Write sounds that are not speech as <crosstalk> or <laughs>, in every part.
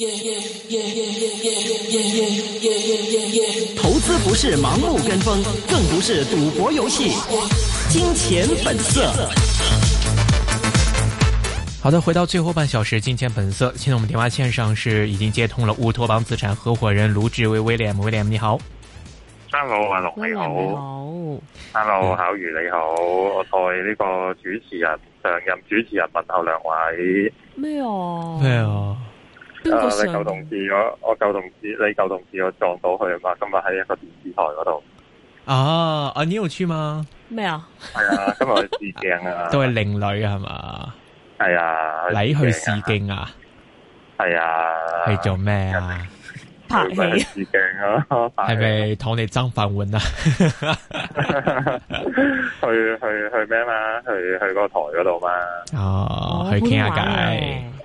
Yeah, yeah, yeah, yeah, yeah, yeah, yeah, yeah. 投資不是盲目跟風，更不是賭博遊戲。金錢本色。好的， <noise> 回到最後半小時，金錢本色。現在我們電話線上是已經接通了烏托邦資產合夥人盧志威，William，William，你好。Hello，啊，龍你好。Hello，考宇你好。我代呢個主持人，上任主持人問候兩位。咩啊？咩啊？啊！你舊同事我我舊同事你舊同事我撞到佢啊嘛！今日喺一個電視台嗰度。哦，阿 Neo 出嘛？咩啊？係啊， <laughs> 啊！今日去試鏡啊！都係靚女啊係嘛？係啊！你去試鏡啊？係啊，啊，啊！去做咩啊？拍戲試鏡咯？係咪同你爭飯碗啊？去去去咩嘛？去去個台嗰度嘛？哦，去傾下偈。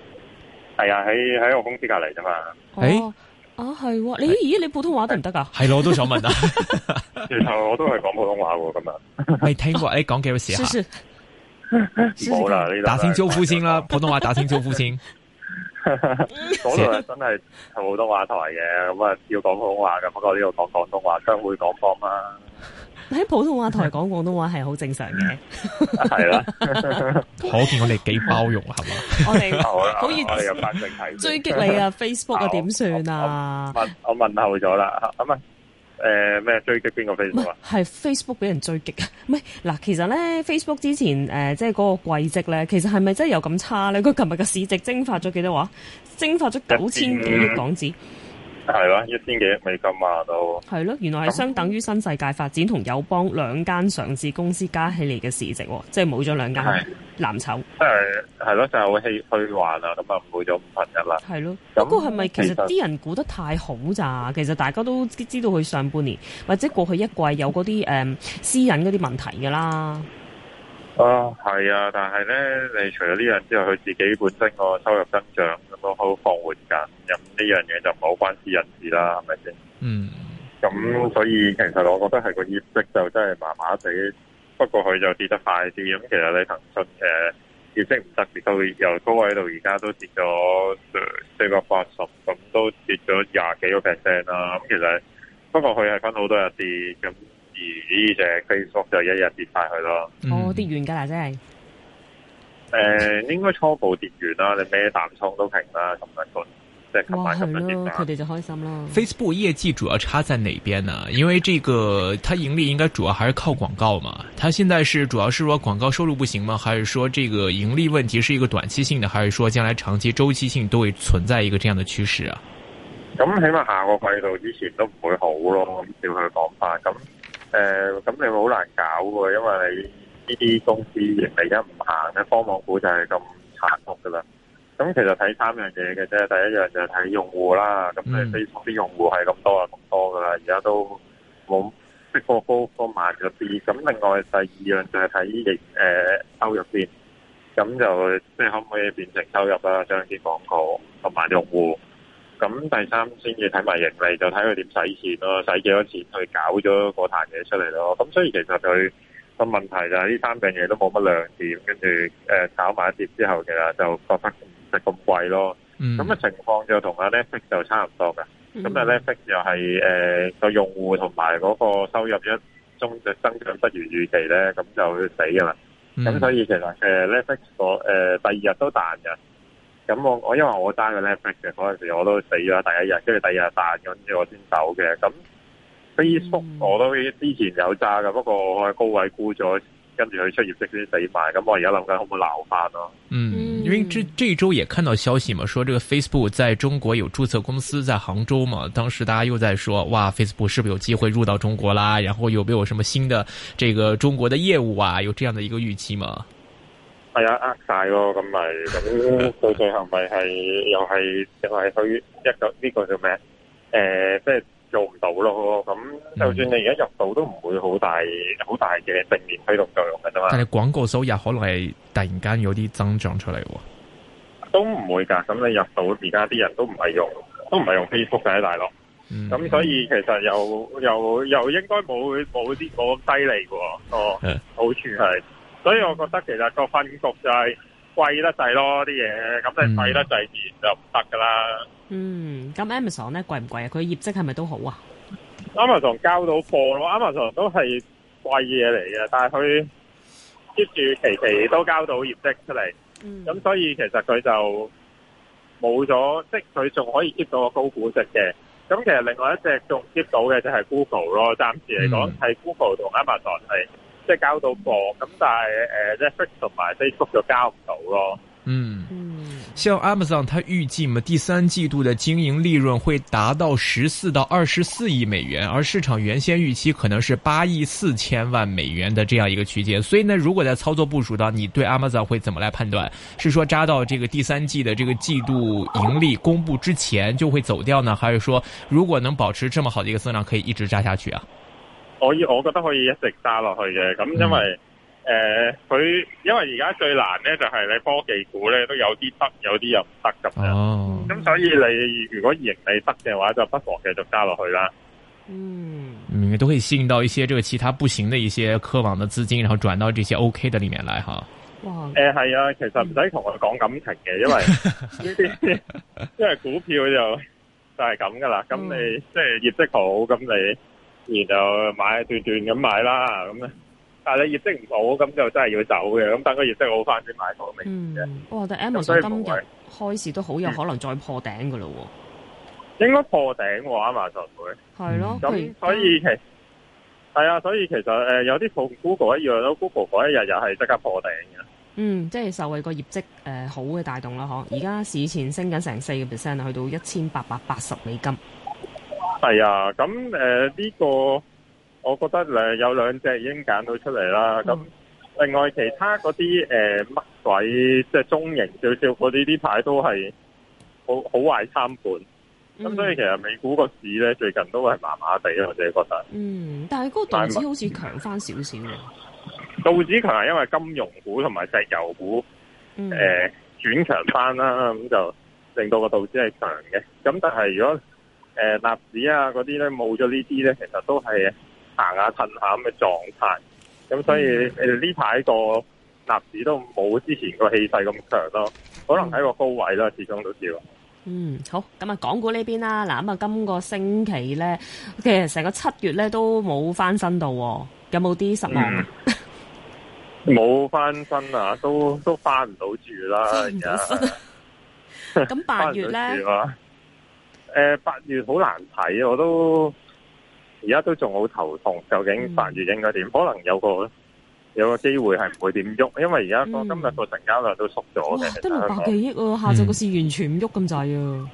係啊，喺喺我公司隔籬啫嘛。哦，哦啊係，你是咦你普通話得唔得噶？係咯，我都想問啊。其 <laughs> 實我都係講普通話咁啊，未 <laughs> 聽過？誒，講幾多時啊？冇 <laughs> 啦，打聲招呼先啦。 <laughs> 普通話打聲招呼先。嗰度係真係係普通話台嘅，咁啊要講普通話嘅。不過呢度講廣東話，商會講方啦。喺普通話台講廣東話係好正常嘅，係啦，可見我哋幾包容係嘛， <laughs> <laughs> <laughs> 我哋們好啦，我哋反正係追擊你啊 <laughs> ！Facebook 啊，點 <laughs> 算啊？我我，我，問我問候咗啦，咁啊，誒、啊、咩、呃、追擊邊個 Facebook 啊？係 Facebook 俾人追擊啊？唔係嗱，其實咧 Facebook 之前誒，即係嗰個季績咧，其實係咪真係有咁差咧？佢琴日嘅市值蒸發咗幾多話？蒸發咗九千幾億港紙。係咯，一千幾億美金啊，都係咯，原來係相等於新世界發展同友邦兩間上市公司加起嚟嘅市值，即係冇咗兩間藍籌。誒，係咯，就係會虛幻啊，咁啊，冇咗五分一啦。係咯，不過係咪其實啲人估得太好咋？其實大家都知道佢上半年或者過去一季有嗰啲誒私隱嗰啲問題噶啦。啊，係啊，但係咧，你除咗呢樣之外，佢自己本身個收入增長咁都好放緩緊。咁呢樣嘢就唔好關私隱事啦，係咪先？嗯，咁、嗯嗯、所以其實我覺得係個業績就真係麻麻地，不過佢就跌得快啲。咁其實你騰訊嘅業績唔特別，到由高位到而家都跌咗四百八十，咁都跌咗廿幾個 percent 啦。咁其實不過佢係分好多日跌咁。呢、就、只、是、Facebook 就一日跌晒去咯，哦，跌完噶啦，真係。誒、呃，應該初步跌完啦，你咩淡倉都平啦，咁樣個即係。哇，係咯，佢哋就開心咯。Facebook 業績主要差在哪邊呢？因為這個，它盈利應該主要還是靠廣告嘛。它現在是主要是說廣告收入不行嗎？還是說這個盈利問題是一個短期性的？還是說將來長期周期性都會存在一個這樣的趨勢啊？咁起碼下個季度之前都唔會好咯，照佢講法咁。誒、嗯、咁、嗯、你好難搞喎，因為你呢啲公司盈利而家唔行咧，科網股就係咁殘酷噶啦。咁其實睇三樣嘢嘅啫，第一樣就係睇用戶啦，咁你 Facebook 啲用戶係咁多啊，咁多噶啦，而家都冇即貨高，都慢咗啲。咁另外第二樣就係睇疫誒收入先。咁就即係可唔可以變成收入啦將啲廣告同埋用戶。咁第三先要睇埋盈利，就睇佢點使錢咯，使幾多錢去搞咗嗰壇嘢出嚟咯。咁所以其實佢個問題就係呢三樣嘢都冇乜亮點，跟住誒搞埋一碟之後其實，就覺得唔值咁貴咯。咁、嗯、嘅情況就同阿 Netflix 就差唔多噶。咁、嗯、阿 Netflix 又係誒個用戶同埋嗰個收入一中嘅增長不如預期咧，咁就死噶啦。咁、嗯、所以其實誒 Netflix 誒、呃、第二日都彈噶。咁我我因為我揸嘅 Netflix 嗰陣時我都死咗第一日，跟住第二日彈，跟住我先走嘅。咁 Facebook 我都之前有揸㗎，不過我係高位沽咗，跟住佢出業績先死埋。咁我而家諗緊可唔可撈翻咯？嗯，因為這這一周也看到消息嘛，說這個 Facebook 在中國有註冊公司在杭州嘛。當時大家又在說，哇，Facebook 是不是有機會入到中國啦？然後有沒有什麼新的這個中國的業務啊？有這樣的一個預期嘛？」係啊，呃晒咯，咁咪咁到最後咪係又係又係去一個呢個叫咩？誒，即係做唔到咯。咁就算你而家入到，都唔會好大好大嘅正面推動作用嘅啫嘛。但係廣告收入可能係突然間有啲增長出嚟喎。都唔會噶，咁你入到而家啲人都唔係用，都唔係用 Facebook 喺度咯。咁所以其實又又又應該冇冇啲冇咁犀利嘅。哦，好處係。所以我覺得其實個分局就係貴得滯咯啲嘢，咁你貴得滯自然就唔得噶啦。嗯，咁、嗯、Amazon 咧貴唔貴啊？佢業績係咪都好啊？Amazon 交到貨咯，Amazon 都係貴嘢嚟嘅，但係佢 keep 住期期都交到業績出嚟。嗯，咁所以其實佢就冇咗，即佢仲可以 keep 到個高估值嘅。咁其實另外一隻仲 keep 到嘅就係 Google 咯，暫時嚟講係 Google 同 Amazon 係。即係交到貨咁，但係誒，Netflix 同埋 Facebook 就交唔到咯。嗯、呃，嗯。像 Amazon，它預計嘛第三季度的經營利潤會達到十四到二十四億美元，而市場原先預期可能是八億四千萬美元的這樣一個區間。所以呢，如果在操作部署到，你對 Amazon 會怎麼來判斷？是說揸到這個第三季的這個季度盈利公布之前就會走掉呢，還是說如果能保持這麼好的一個增長，可以一直揸下去啊？我我覺得可以一直揸落去嘅，咁因為誒佢、嗯呃、因為而家最難咧就係你科技股咧都有啲得，有啲又唔得咁樣。哦，咁、啊嗯、所以你如果盈利得嘅話，就不妨繼續加落去啦。嗯，嗯，都可以吸引到一些這個其他不行的一些科網嘅資金，然後轉到這些 OK 嘅裡面來哈。哇，誒、呃、係啊，其實唔使同我講感情嘅，因為 <laughs> 因為股票就就係咁噶啦。咁你即係、嗯、業績好，咁你。然後買斷斷咁買啦，咁咧，但係你業績唔好，咁就真係要走嘅，咁等個業績好翻先買都未嘅。嗯，哇，但係 Amazon 今日開市都好有可能再破頂噶咯。應該破頂話、啊、嘛，就會係咯。咁所以其係啊，所以其實誒、嗯、有啲同 Google 一樣咯，Google 嗰一日又係即刻破頂嘅。嗯，即係受惠個業績誒、呃、好嘅帶動啦，嗬。而家市前升緊成四個 percent，去到一千八百八十美金。係啊，咁誒呢個我覺得誒有兩隻已經揀到出嚟啦。咁、嗯、另外其他嗰啲誒乜鬼即係中型少少嗰啲啲牌都係好好壞參半。咁、嗯、所以其實美股個市咧最近都係麻麻地，我自己覺得。嗯，但係嗰個道指好似強翻少少嘅。 <laughs> 道指強係因為金融股同埋石油股誒轉強翻啦，咁、嗯呃、就令到個道指係強嘅。咁但係如果誒、呃，納指啊呢，嗰啲咧冇咗呢啲咧，其實都係行下褪下咁嘅狀態，咁、嗯、所以哋呢排個納指都冇之前個氣勢咁強咯，可能喺個高位啦、嗯，始終都知。嗯，好，咁、嗯、啊，港股呢邊啦，嗱咁啊，今個星期咧，其實成個七月咧都冇翻身到，有冇啲失望？冇、嗯、翻身啊，都都翻唔到住啦，咁八 <laughs> 月咧。誒、呃，八月好難睇，我都而家都仲好頭痛。究竟八月應該點、嗯？可能有個有個機會係唔會點喐，因為而家、嗯、今日個成交量都縮咗嘅，得六百幾億啊！嗯、下晝個市完全唔喐咁滯啊！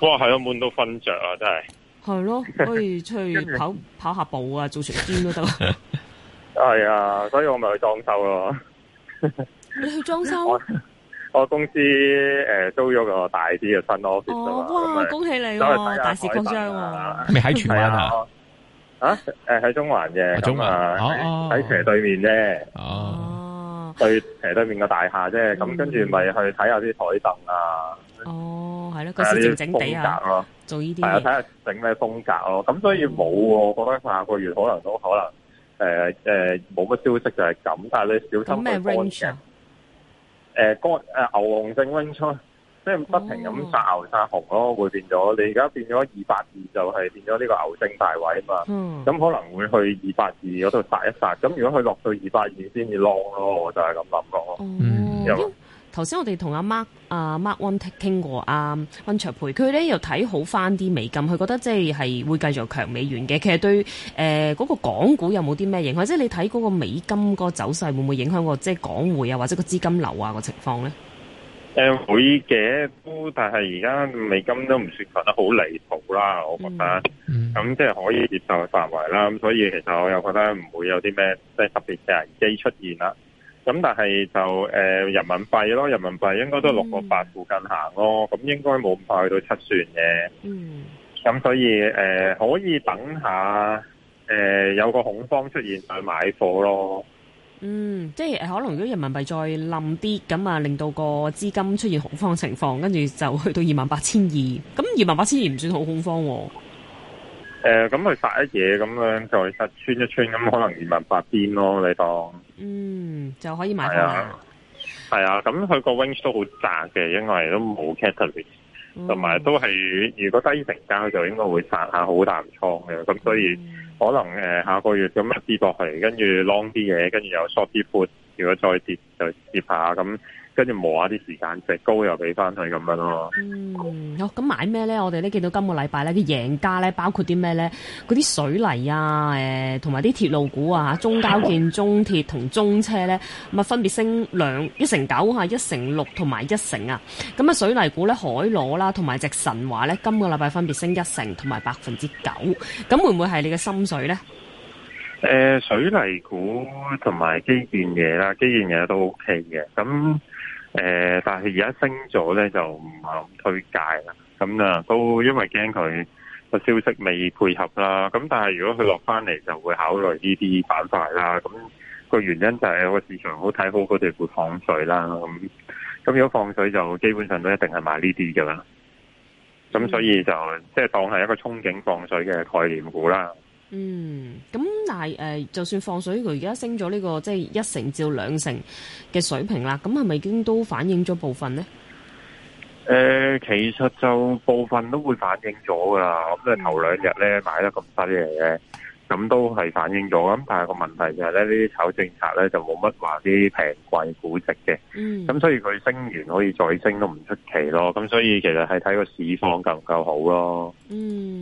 哇，係啊，悶到瞓着啊，真係。係 <laughs> 咯，可以出去跑 <laughs> 跑,跑下步啊，做長啲都得、啊。係 <laughs> <laughs> 啊，所以我咪去裝修咯。 <laughs> 你去裝修？我公司誒，租咗個大啲嘅新 office 先啦。哇，恭喜你喎，啊，大事擴張啊！係咪喺荃灣啊？啊，誒喺中環嘅，啊啊，中環喺斜對面啫，哦，啊，去斜對面個大廈啫，咁跟住咪去睇下啲檯凳啊！哦，係咯，嗰時靜靜哋啊，做呢啲，啊，係啊睇下整咩風格咯，咁所以冇喎，我覺得下個月可能都可能誒誒冇乜消息就係咁，但係咧小心誒，干誒，牛熊正溫出，即係不停咁殺牛殺熊咯，會變咗。你而家變咗二八二，就係變咗呢個牛正大位嘛。咁可能會去二八二嗰度殺一殺。咁如果佢落到二八二先至落咯，我就係咁諗講咯。嗯。頭先我哋同阿 Mark、啊、阿 Mark One 傾過阿溫、啊、溫卓培佢咧又睇好返啲美金，佢覺得即係會繼續強美元嘅。其實對誒嗰、呃那個港股有冇啲咩影響？即係你睇嗰個美金個走勢會唔會影響個即係港匯啊，或者個資金流啊個情況咧？誒會嘅，都、嗯嗯、但係而家美金都唔算強得好離譜啦，我覺得。咁即係可以接受嘅範圍啦。咁所以其實我又覺得唔會有啲咩即係特別嘅危機出現啦。咁但係就誒、呃、人民幣咯，人民幣應該都六個八附近行咯，咁、嗯、應該冇咁快去到七算嘅。嗯，咁所以誒、呃、可以等下誒、呃、有個恐慌出現去買貨咯。嗯，即係可能如果人民幣再冧啲，咁啊令到個資金出現恐慌情況，跟住就去到二萬八千二，咁二萬八千二唔算好恐慌。誒、呃，咁佢殺一嘢咁樣，再殺穿一穿，咁可能移民八邊咯，你當嗯就可以買翻係啊，咁佢個 range 都好窄嘅，因為都冇 catalyst，同、嗯、埋都係如，如果低成交就應該會散下好淡倉嘅，咁所以可能誒、呃、下個月咁跌落去，跟住 long 啲嘢，跟住又 short 啲如果再跌就跌下，咁跟住磨下啲時間，隻高又俾翻佢咁樣咯、啊。嗯，好、哦，咁買咩咧？我哋咧見到今個禮拜咧啲贏家咧包括啲咩咧？嗰啲水泥啊，誒、呃，同埋啲鐵路股啊，中交建、中鐵同中車咧，咁啊分別升兩一 <laughs> 成九吓，一成六同埋一成啊。咁啊水泥股咧海螺啦、啊，同埋隻神華咧，今個禮拜分別升一成同埋百分之九。咁會唔會係你嘅心水咧？誒，水泥股同埋基建嘢啦，基建嘢都 OK 嘅。咁誒、呃，但係而家升咗咧，就唔係咁推介啦。咁啊，都因為驚佢個消息未配合啦。咁但係如果佢落翻嚟，就會考慮呢啲板塊啦。咁個原因就係個市場很看好睇好佢哋會放水啦。咁咁如果放水就基本上都一定係買呢啲噶啦。咁所以就即係、就是、當係一個憧憬放水嘅概念股啦。嗯，咁但係誒、呃，就算放水，佢而家升咗呢、這個即係、就是、一成至兩成嘅水平啦，咁係咪已經都反映咗部分咧？誒、呃，其實就部分都會反映咗噶啦。咁啊，頭兩日咧買得咁犀利嘅，咁都係反映咗。咁但係個問題就係咧，呢啲炒政策咧就冇乜話啲平貴估值嘅。嗯。咁所以佢升完可以再升都唔出奇咯。咁所以其實係睇個市況夠唔夠好咯。嗯。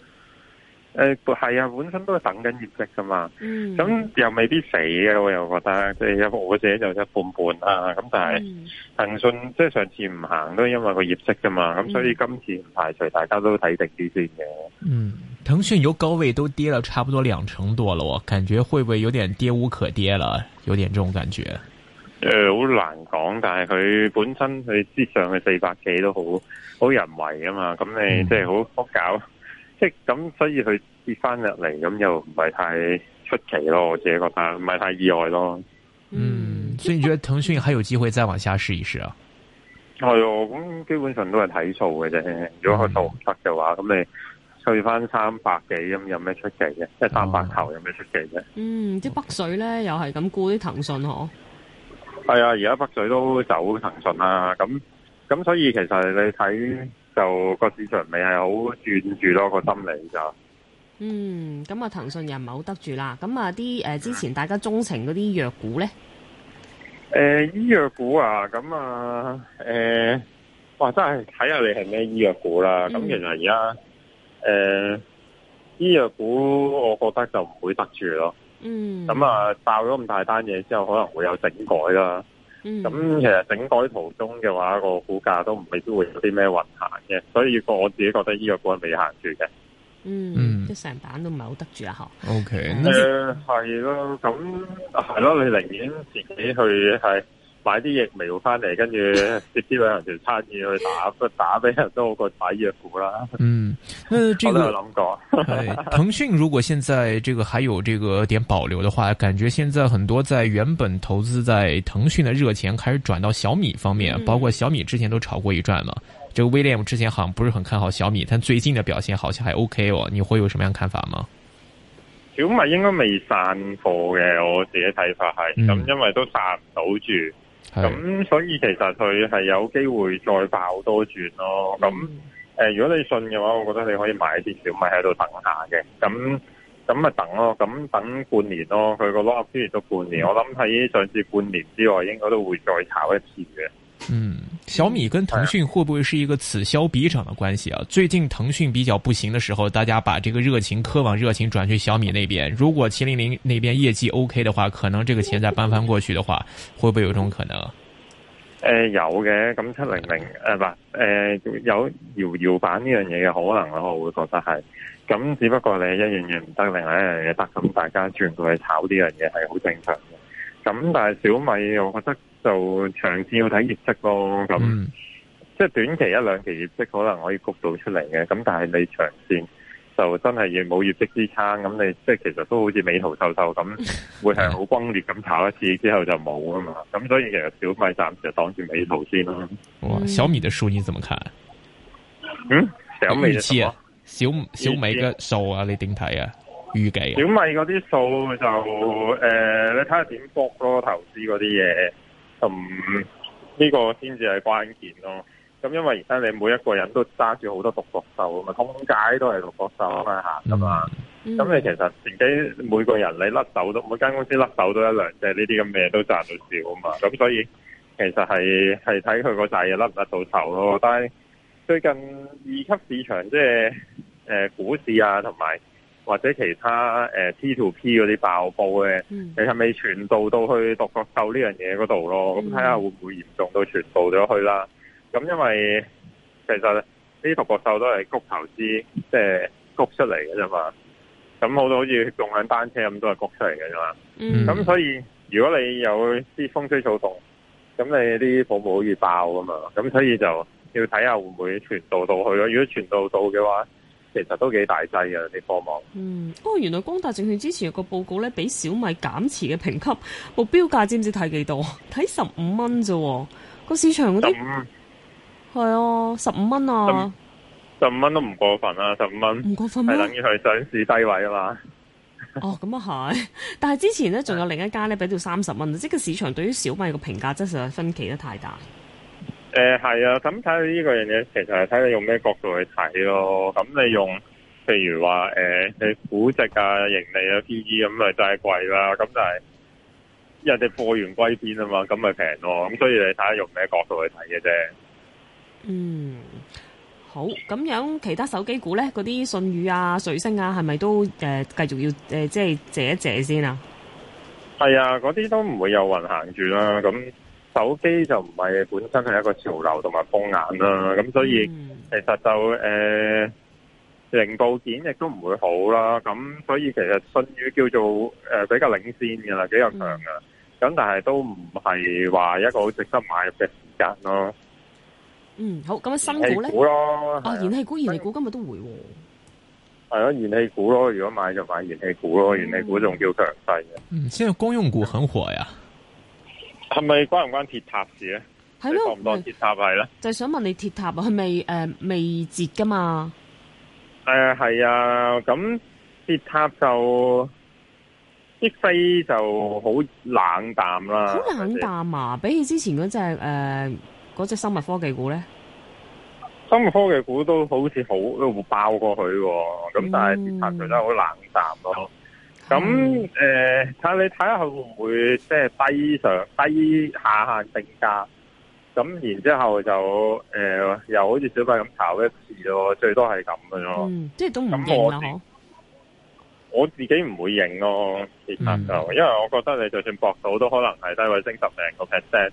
誒、哎，係啊，本身都係等緊業績噶嘛，咁、嗯嗯、又未必死啊！我又覺得，就是姐姐姐啊嗯、即係有我自己就一半半啦。咁但係騰訊即係上次唔行都係因為個業績噶嘛，咁、嗯、所以今次唔排除大家都睇定啲先嘅。嗯，騰訊由高位都跌咗差唔多兩成多了，感覺會唔會有點跌無可跌了？有點呢種感覺。誒、嗯、好難講，但係佢本身佢跌上去四百幾都好好人為啊嘛，咁你即係好惡搞。即、嗯、咁，所以佢跌翻入嚟，咁又唔係太出奇咯，我自己覺得唔係太意外咯。嗯，所以你覺得騰訊還有機會再往下試一試啊？係、嗯、咁基本上都係睇數嘅啫。如果佢數唔得嘅話，咁你去翻三百幾，咁有咩出奇嘅？即係三百頭有咩出奇啫？嗯，啲、嗯嗯、北水咧又係咁沽啲騰訊嗬。係、嗯嗯、啊，而家北水都走騰訊啊，咁咁所以其實你睇。嗯就個市場未係好轉住咯，個心理就嗯咁啊，騰訊又唔係好得住啦。咁啊，啲誒、呃、之前大家鍾情嗰啲藥股咧？誒、呃，醫藥股啊，咁啊，誒、呃，哇，真係睇下你係咩醫藥股啦。咁其實而家誒醫藥股，我覺得就唔會得住咯。嗯。咁啊，爆咗咁大單嘢之後，可能會有整改啦。咁、嗯、其實整改途中嘅話，個股價都唔係都會有啲咩運行嘅，所以我我自己覺得呢個股未行住嘅。嗯，即成板都唔係好得住啊！吓，OK，誒，係、嗯、咯，咁係咯，你寧願自己去係。買啲疫苗翻嚟，跟住接啲旅行團參與去打，不 <laughs> 打俾人都好過買藥股啦。嗯，呢、這個、我都有諗過。騰 <laughs> 訊如果現在這個還有這個點保留的話，感覺現在很多在原本投資在騰訊的熱錢開始轉到小米方面、嗯，包括小米之前都炒過一轉嘛。這個 William 之前好像不是很看好小米，但最近的表現好像還 OK 哦。你會有什麼樣看法嗎？小米應該未散貨嘅，我自己睇法係咁、嗯，因為都散唔到住。咁、嗯、所以其實佢係有機會再爆多轉咯。咁誒、呃，如果你信嘅話，我覺得你可以買一啲小米喺度等下嘅。咁咁咪等咯。咁等半年咯。佢個 lock up 亦都半年，嗯、我諗喺上市半年之外，應該都會再炒一次嘅。嗯。小米跟騰訊會不會是一個此消彼長的關係啊？最近騰訊比較不行的時候，大家把這個熱情科網熱情轉去小米那邊。如果七零零那邊業績 OK 的話，可能這個錢再搬翻過去的話，會不會有這種可能？誒、呃，有嘅，咁七零零誒，唔、呃、誒有搖搖板呢樣嘢嘅可能咯，我會覺得係。咁只不過你一樣嘢唔得，另外一樣嘢得，咁大家轉過去炒呢樣嘢係好正常嘅。咁但係小米，我覺得。就長線要睇業績咯，咁、嗯、即係短期一兩期業績可能可以谷到出嚟嘅，咁但係你長線就真係要冇業績支撐，咁你即係其實都好似美圖秀秀咁，會係好崩裂咁炒一次 <laughs> 之後就冇啊嘛，咁所以其實小米暫時就擋住美圖先咯。哇，小米嘅數你怎麼看？嗯，咁預期啊？小米數啊啊啊小米嘅數啊，你點睇啊？預計，啊？小米嗰啲數就誒、呃，你睇下點搏咯，投資嗰啲嘢。咁呢個先至係關鍵咯。咁因為而家你每一個人都揸住好多獨角獸啊嘛，通街都係獨角獸嘛。咁、嗯、你其實自己每個人你甩手都，每間公司甩手都一兩隻呢啲咁嘅都賺到少啊嘛。咁所以其實係係睇佢個嘢甩唔甩到頭咯。但係最近二級市場即係呃、股市啊，同埋。或者其他誒 P2P 嗰啲爆煲咧、嗯，其實未傳導到去獨角獸呢樣嘢嗰度咯。咁睇下會唔會嚴重到傳導咗去啦。咁因為其實呢啲獨角獸都係谷投資即係谷出嚟嘅啫嘛。咁好多好似共享單車咁都係谷出嚟嘅啫嘛。咁、嗯、所以如果你有啲風吹草動，咁你啲泡沫好似爆啊嘛。咁所以就要睇下會唔會傳導到去咯。如果傳導到嘅話，其實都幾大劑啊啲科網。嗯，哦，原來光大證券之前有個報告咧，俾小米減持嘅評級目標價知唔知睇幾多？睇十五蚊啫，個市場嗰啲。十五。係啊，十五蚊啊。十五蚊都唔過分啊。十五蚊。唔過分咩？係啦，等於係上市低位啊嘛。 <laughs> 哦，咁啊係，但係之前咧，仲有另一家咧，俾到三十蚊，即係個市場對於小米嘅評價，真係分歧得太大。誒、哎，係啊，咁睇呢個樣嘢，其實係睇你用咩角度去睇咯。咁你用，譬如話誒、哎，你估值啊、盈利啊、P E 咁，咪真係貴啦。咁就係人哋破完歸邊啊嘛，咁咪平咯。咁所以你睇下用咩角度去睇嘅啫。嗯，好。咁樣其他手機股咧，嗰啲信譽啊、瑞聲啊，係咪都誒繼、呃、續要誒即係借一借先啊？係啊，嗰啲都唔會有運行住啦。咁。手機就唔係本身係一個潮流同埋風眼啦，啊，咁所以其實就誒、嗯呃、零部件亦都唔會好啦，咁所以其實舜宇叫做誒比較領先噶啦，比較強噶，咁、嗯、但係都唔係話一個好值得買入嘅時間咯。嗯，好，咁樣新股咧？啊，燃氣股、燃氣股今日都會。係咯，燃氣股咯，如果買就買燃氣股咯，燃氣股仲叫強勢嘅。嗯，現在公用股很火呀。係咪關唔關鐵塔事咧？係咯，當唔多鐵塔係咧？就係、是、想問你鐵塔，佢、呃、未誒未跌噶嘛？呃、是啊，係啊，咁鐵塔就啲飛就好冷淡啦，好、哦、冷淡啊！比起之前嗰隻誒隻生物科技股咧，生物科技股都好似好都冇爆過佢、啊，咁、嗯、但係鐵塔佢都係好冷淡咯、啊。咁誒，睇下你睇下佢會唔會即係低上低下下定價，咁然之後就誒，又好似小費咁炒一次咯，最多係咁嘅咯。即係都唔認，我自己唔會認咯，其他就，因為我覺得你就算搏到，都可能係低位升十零個 percent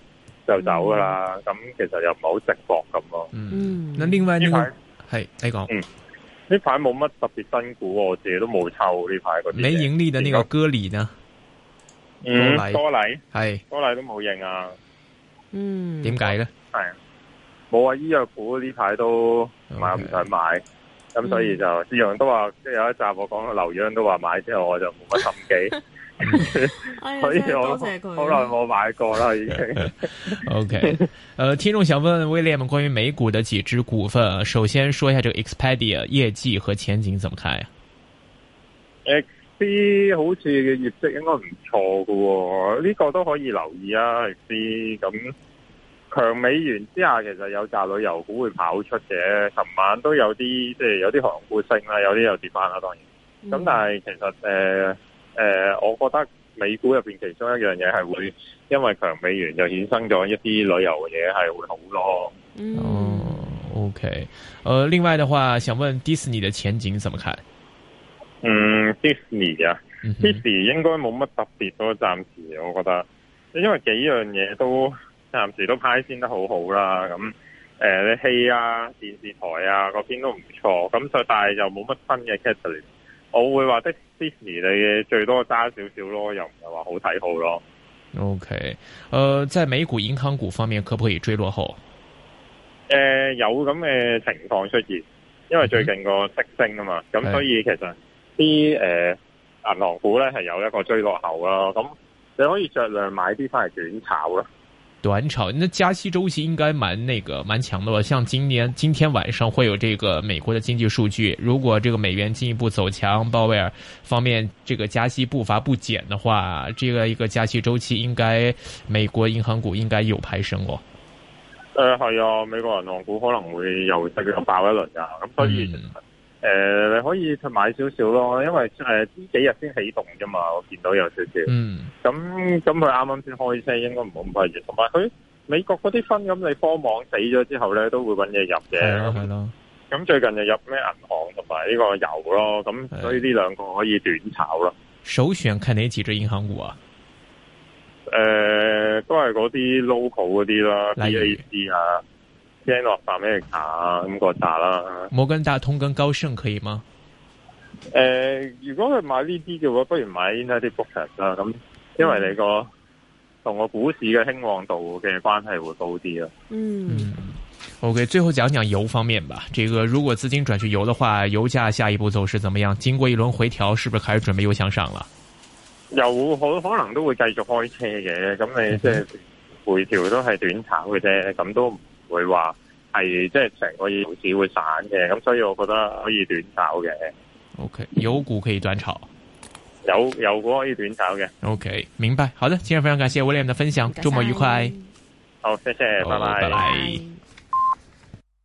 就走噶啦。咁其實又唔好直搏咁咯。嗯，嗱另外呢個係你講。呢排冇乜特別新股，我自己都冇抽呢排嗰啲。冇盈利的呢個歌禮呢？嗯，歌禮係，歌禮都冇贏啊。嗯，點解咧？係，冇啊！醫、嗯、藥、哎這個、股呢排都唔係唔想買，咁、okay。嗯、所以就志陽都話，即係有一集我講到劉楊都話買，之後我就冇乜心機。 <laughs> 可 <laughs> 以我，多謝佢。好耐冇買過啦，已經。OK，誒，聽眾想問 William 關於美股的幾支股份，首先說一下這個 Expedia 業績和前景怎麼看呀？Expedia 好似嘅業績應該唔錯噶喎，哦，呢、這個都可以留意啊。Expedia 咁強美元之下，其實有扎旅遊股會跑出嘅。尋晚都有啲，即係有啲航空股升啦，有啲又跌翻啦。當然，咁但係其實誒。呃誒、呃，我覺得美股入邊其中一樣嘢係會因為強美元就衍生咗一啲旅遊嘅嘢係會好咯。嗯、哦，OK。誒、呃，另外的話，想問 Disney 的前景怎麼看？嗯，Disney 啊嗯，Disney 應該冇乜特別咯，啊，暫時我覺得，因為幾樣嘢都暫時都派先得好好啦。咁、嗯、誒、呃，你戲啊，電視台啊，嗰邊都唔錯。咁就但係又冇乜新嘅 catalyst。我會話迪士尼你最多揸少少咯，又唔係話好睇好咯。OK，誒、呃，在美股銀行股方面可唔可以追落後？誒、呃，有咁嘅情況出現，因為最近個息升啊嘛，咁、嗯、所以其實啲誒銀行股咧係有一個追落後啦，咁你可以着量買啲翻嚟短炒咯。短炒，那加息週期應該蠻那個蠻強的吧？像今年今天晚上會有這個美國的經濟數據，如果這個美元進一步走強，鮑威爾方面這個加息步伐不減的話，這個一個加息週期應該美國銀行股應該有排升哦。呃、嗯，係啊，美國銀行股可能會又繼續爆一輪啊。咁誒、呃，你可以去買一少少咯，因為誒呢、呃、幾日先啟動啫嘛，我見到有少少。嗯。咁咁佢啱啱先開聲，應該唔好咁係熱。同埋佢美國嗰啲分咁，你科網死咗之後咧，都會搵嘢入嘅。係咯係咯。咁、嗯啊嗯、最近又入咩銀行同埋呢個油咯，咁、啊、所以呢兩個可以短炒咯。首選睇邊幾隻銀行股啊？誒、呃，都係嗰啲 local 嗰啲啦，BAC 啊。落咩咁個啦。摩根大通跟高盛可以嗎？誒、呃，如果佢買呢啲嘅話，不如買 Interactive Brokers 啦。咁因為你個同個股市嘅興旺度嘅關係會高啲咯、啊。嗯，嗯 okay, 最後講講油方面吧。這個如果資金轉去油的話，油價下一步走勢怎麼樣？經過一輪回調，是不是開始準備又向上啦？油好可能都會繼續開車嘅，咁你即係回調都係短炒嘅啫，咁都。會話係即係成個市會散嘅，咁所以我覺得可以短炒嘅。OK，有股可以短炒，有有股可以短炒嘅。OK，明白。好的，今日非常感謝 William 的分享，周末愉快謝謝。好，謝謝，拜拜。拜拜拜拜。